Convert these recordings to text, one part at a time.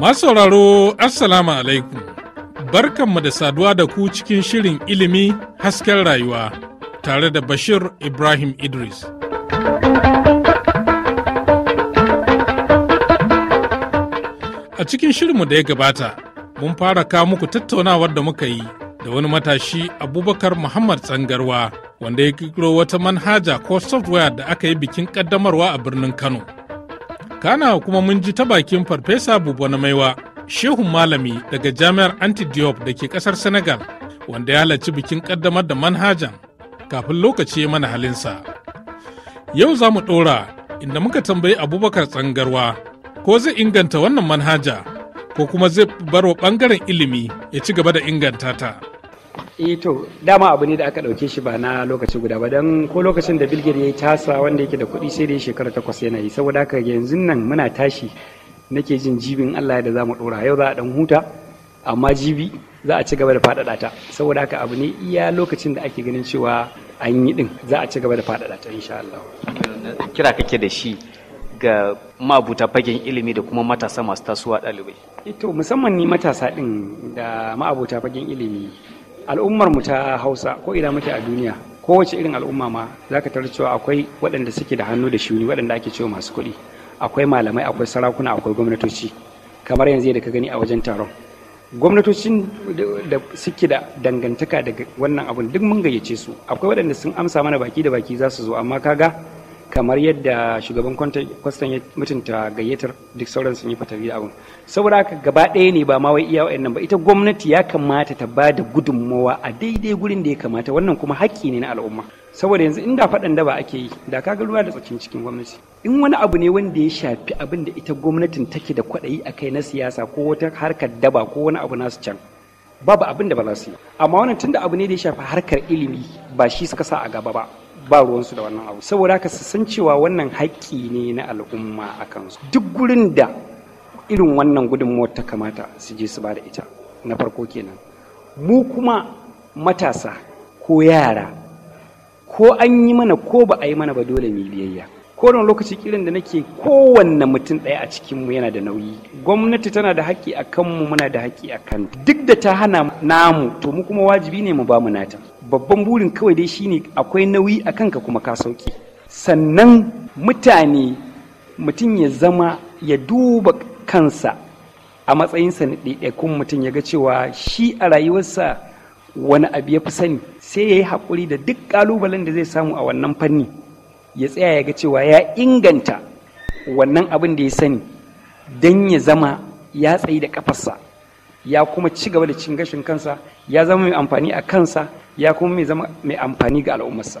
Masu sauraro Assalamu alaikum. Barkanmu da saduwa da ku cikin shirin ilimi hasken rayuwa tare da Bashir Ibrahim Idris. A cikin shirinmu da ya gabata, mun fara kawo muku tattaunawar da muka yi da wani matashi Abubakar Muhammad Tsangarwa wanda ya kiro wata manhaja ko software da aka yi bikin ƙaddamarwa a birnin Kano. kana kuma mun ji ta bakin farfesa bubu na maiwa shehun malami daga jami'ar antidiop da ke kasar senegal wanda ya halarci bikin kaddamar da manhajan kafin lokaci mana halinsa yau za mu ɗora inda muka tambayi abubakar tsangarwa ko zai inganta wannan manhaja ko kuma zai barwa ɓangaren ilimi ya ci gaba da inganta ta. eh to dama abu ne da aka dauke shi ba na lokaci guda ba dan ko lokacin da bilgir ya tasa wanda yake da kuɗi sai da shekara takwas yana yi saboda haka yanzu nan muna tashi nake jin jibin Allah da za mu ɗora yau za a ɗan huta amma jibi za a ci gaba da faɗaɗa ta saboda haka abu ne iya lokacin da ake ganin cewa an yi ɗin za a ci gaba da faɗaɗa ta insha Allah. kira kake da shi ga mabuta fagen ilimi da kuma matasa masu tasowa ɗalibai. ito eh musamman ni matasa ɗin da ma'abuta fagen ilimi al'ummar mu ta hausa ko ina muke a duniya kowace irin al'umma ma za ka tarar cewa akwai waɗanda suke da hannu da shuni waɗanda ake cewa masu kuɗi akwai malamai akwai sarakuna akwai gwamnatoci kamar yanzu da ka gani a wajen taron gwamnatocin da suke da dangantaka daga wannan abun duk mun gayyace su akwai waɗanda sun amsa mana baki da baki za su zo amma kaga kamar yadda shugaban kwastan ya mutunta gayyatar duk sauran sun yi fatali da abin, saboda haka gaba ɗaya ne ba ma wai iya wa'annan ba ita gwamnati ya kamata ta ba da gudunmawa a daidai gurin da ya kamata wannan kuma haƙƙi ne na al'umma saboda yanzu inda faɗan da ba ake yi da ga ruwa da tsakin cikin gwamnati in wani abu ne wanda ya shafi abin da ita gwamnatin take da kwaɗayi a kai na siyasa ko wata harkar daba ko wani abu nasu can babu abin da ba za su yi amma wannan tunda abu ne da ya shafi harkar ilimi ba shi suka sa a gaba ba ba ruwansu da wannan abu saboda haka su san cewa wannan haƙƙi ne na al'umma a kansu duk gurin da irin wannan gudunmuwar ta kamata su je su ba da ita na farko kenan mu kuma matasa ko yara ko an yi mana ko ba a yi mana ba dole mu biyayya ko don lokaci kiran da nake kowanne mutum ɗaya a cikinmu yana da nauyi gwamnati tana da haƙƙi a kanmu muna da haƙƙi a kan duk da ta hana namu to mu kuma wajibi ne mu ba mu nata babban burin kawai dai shine akwai nauyi a kanka kuma ka sauki sannan mutane mutum ya zama ya duba kansa a matsayinsa na ɗaiɗaikun mutum ya ga cewa shi a rayuwarsa wani abu ya fi sani sai ya yi haƙuri da duk ƙalubalen da zai samu a wannan fanni ya tsaya ya ga cewa ya inganta wannan abin da ya sani don ya zama ya tsayi da ƙafarsa ya kuma ci gaba da cin gashin kansa ya zama mai amfani a kansa ya kuma mai zama mai amfani ga al'ummarsa.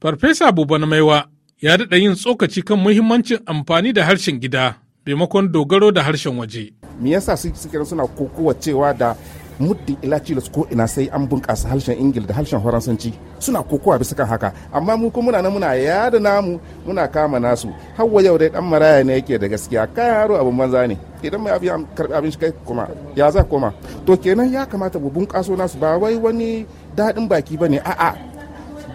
Farfesa abubuwan Maiwa ya daɗa yin tsokaci kan muhimmancin amfani da harshen gida maimakon dogaro da harshen waje. Me yasa suke suna kokowa cewa da muddin ilacilas ko ina sai an bunƙasa harshen ingil da harshen faransanci suna kokowa bisa kan haka amma mu kuma muna nan muna yada namu muna kama nasu hawa yau dai dan maraya ne yake da gaskiya kai haro abin banza ne idan mai abin karbi abin shi kai kuma ya za koma to kenan ya kamata mu bunƙaso nasu ba wai wani daɗin baki ba ne a'a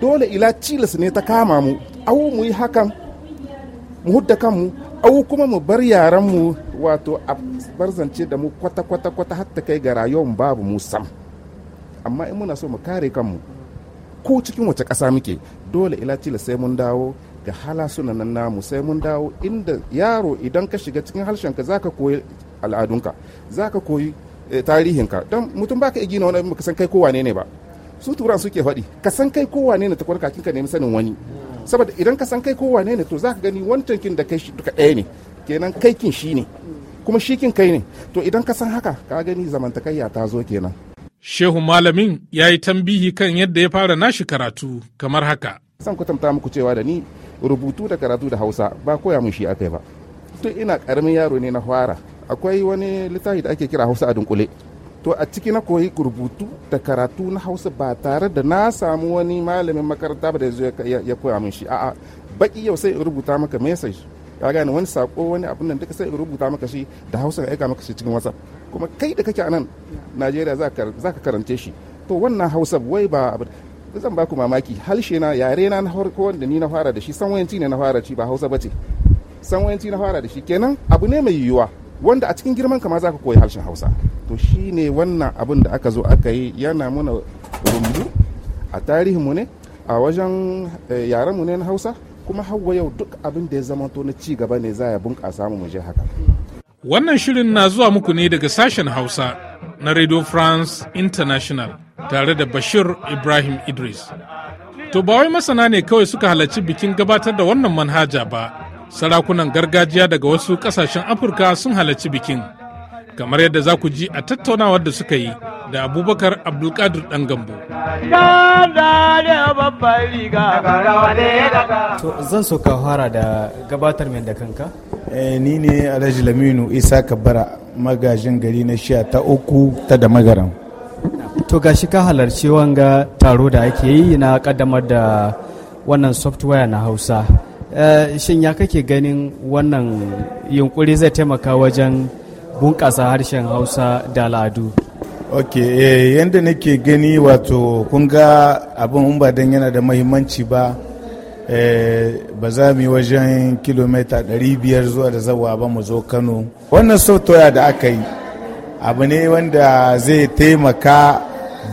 dole ila cilas ne ta kama mu au mu yi hakan mu hudda kanmu au kuma mu bar yaran mu wato a barzance da mu kwata-kwata-kwata har ta kai ga rayuwar babu mu sam amma in muna so mu kare kanmu ko cikin wace ƙasa muke dole ila sai mun dawo ga hala suna nan namu sai mun dawo inda yaro idan ka shiga cikin harshenka zaka koyi al'adunka zaka koyi eh, tarihinka don mutum baka igi gina wani ka san kai ko ne ne ba su turan suke faɗi ka san kai wane ne ta takwarka kinka nemi sanin wani saboda idan ka san kai ko wane ne to za ka gani wancan kin da kai shi duka ɗaya ne kenan kai kin shi ne kuma shi kin kai ne to idan ka san haka ka gani zamantakayya ta zo kenan shehu malamin ya yi tambihi kan yadda ya fara nashi karatu kamar haka san ku tamta muku cewa da ni rubutu da karatu da hausa ba koya mun shi akai ba tun ina karamin yaro ne na fara akwai wani littafi da ake kira hausa a dunkule to a ciki na koyi rubutu da karatu na hausa ba tare da na samu wani malamin makaranta ba da ya ya koya min shi a'a baki yau sai in rubuta maka message ka gane wani sako wani abin nan duka sai in rubuta maka shi da hausa aika maka shi cikin whatsapp kuma kai da kake a nan najeriya za ka karance shi to wannan hausa wai ba zan ba ku mamaki halshe na yare na ko wanda ni na fara da shi wayanci ne na fara ci ba hausa ba ce san wayanci na fara da shi kenan abu ne mai yiwuwa wanda a cikin girman kama za ka koyi harshen hausa to shi ne wannan abin da aka zo aka yi yana muna rumbu a mu ne a wajen eh, yaren mu ne na hausa kuma hawa yau duk abin da ya zama to na ci gaba ne za ya bunƙasa mu je haka wannan shirin na zuwa muku ne daga sashen hausa na radio france international tare da bashir ibrahim idris to ba wai masana ne kawai suka halarci bikin gabatar da wannan manhaja ba sarakunan gargajiya daga wasu kasashen afirka sun halarci bikin kamar yadda za ku ji a tattaunawar da suka yi da abubakar abdulkadir dan gambo zan so ka fara da gabatar mai da kanka eh, ni ne alhaji laminu isa kabara magajin gari na shiya ta uku ta da magaran to gashi ka halarci wanga taro da ake yi na kaddamar da wannan software na hausa Eh, shin ya kake ganin wannan yunkuri zai taimaka wajen bunƙasa harshen hausa da al'adu ok eh, yadda nake gani wato kun ga abin ba yana da mahimmanci ba eh, ba za mu yi wajen kilomita 500 zuwa da zawa ba mu zo kano wannan sautoya da aka yi abu ne wanda zai taimaka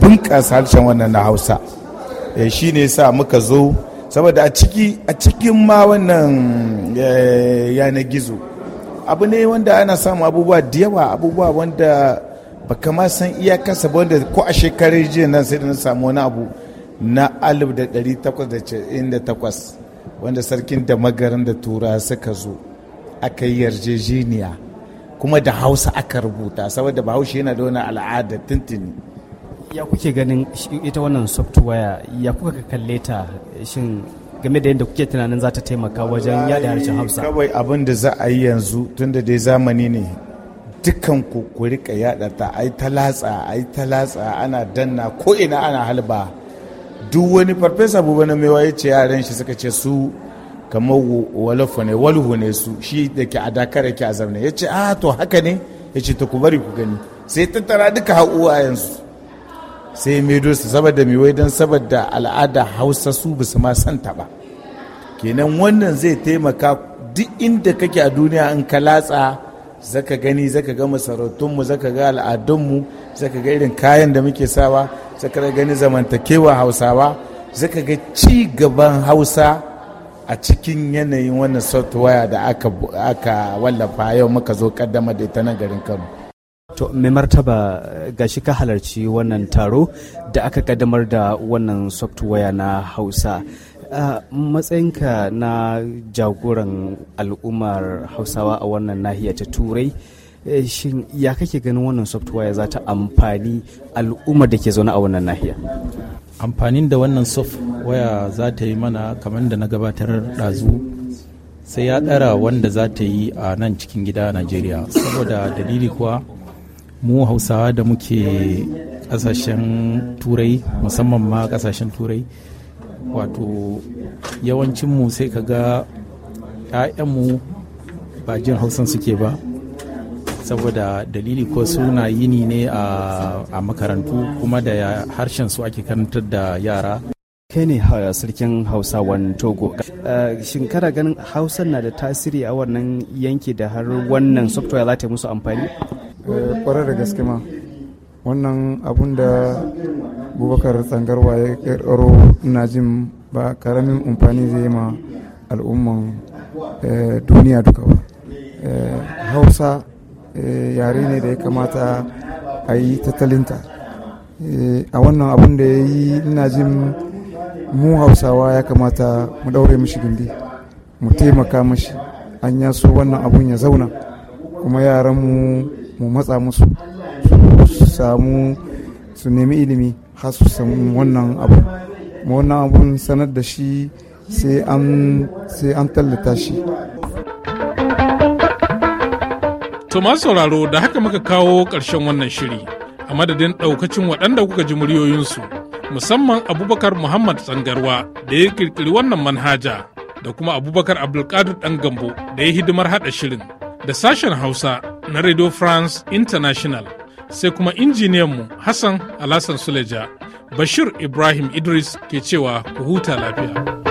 bunƙasa harshen wannan na hausa eh, shi ne sa muka zo saboda a ciki a cikin ma wannan eh, yanar gizo abu ne wanda ana samun abubuwa da yawa abubuwa wanda ba kama san iyakarsa ba wanda ko a shekarar jiya nan sai da na samu wani abu na 1898 wanda sarkin da magarin da tura suka zo aka yi yarjejeniya kuma da hausa aka rubuta saboda bahaushe yana da wani al'ada tuntuni ya kuke ganin ita wannan software ya kuka kalle ta shin game da yadda kuke tunanin za ta taimaka wajen da harshen hausa kawai abin da za a yi yanzu tun da dai zamani ne dukkan ku ku rika yada ta ai ta latsa ai ta latsa ana danna ko ina ana halba duk wani farfesa buba na mewa ya ce yaran shi suka ce su kamar walafu ne walhu ne su shi da ke a dakar yake a zamne ya ce a ah, to haka ne ya ce ta ku bari ku gani sai tattara duka ha'uwa yanzu sai maido su saboda mai wai don saboda al'ada hausa su ba su ma santa ba kenan wannan zai taimaka duk inda kake a duniya in ka latsa zaka gani zaka ga masarautunmu zaka ga al'adunmu zaka ga irin kayan da muke sawa zaka gani zamantakewa hausawa zaka ga ci gaban hausa a cikin yanayin wannan software da aka wallafa yau muka zo kaddamar da ita nan garin kano To mai martaba gashi ka halarci wannan taro da aka kaddamar da wannan software na Hausa. matsayinka na jagoran al'ummar Hausawa a wannan nahiya ta Turai. Eh, shin ya kake ganin wannan software za ta amfani al'ummar da ke zaune a wannan nahiya amfanin da wannan software za ta yi mana kamar da na gabatar ɗazu sai ya ɗara wanda za ta yi a nan cikin gida a najeriya saboda dalili kuwa mu hausawa da muke kasashen turai musamman ma kasashen turai wato yawancinmu sai ka ga 'ya'yanmu ba jin hausan suke ba saboda dalili ko suna yini ne a makarantu kuma da harshen su ake karantar da yara kai ne sarkin hausa wani togo eh, shin kana ganin hausa na da tasiri a wannan yanki da har wannan software za ta musu amfani kwarar da gaske ma wannan abun da bubakar tsangarwa ya karo ina jin ba karamin amfani zai yi ma al'umman eh, duniya duka ba eh, hausa eh, yare ne da ya kamata a yi tattalinta a wannan abun da ya yi ina jin mu hausawa ya kamata mu daure mishi gindi mu taimaka mishi an yaso wannan abun ya zauna kuma yaranmu mu matsa musu su samu su nemi ilimi har su samu wannan abu wannan abun sanar da shi sai an tallata shi to masu sauraro da haka muka kawo ƙarshen wannan shiri a madadin ɗaukacin waɗanda kuka ji muryoyinsu musamman abubakar muhammad tsangarwa da ya kirkiri wannan manhaja da kuma abubakar abdulkadir ɗan gambo da ya hidimar haɗa shirin da sashen hausa na Radio France International sai kuma mu Hassan Alassan Suleja. Bashir Ibrahim Idris ke cewa ku huta lafiya.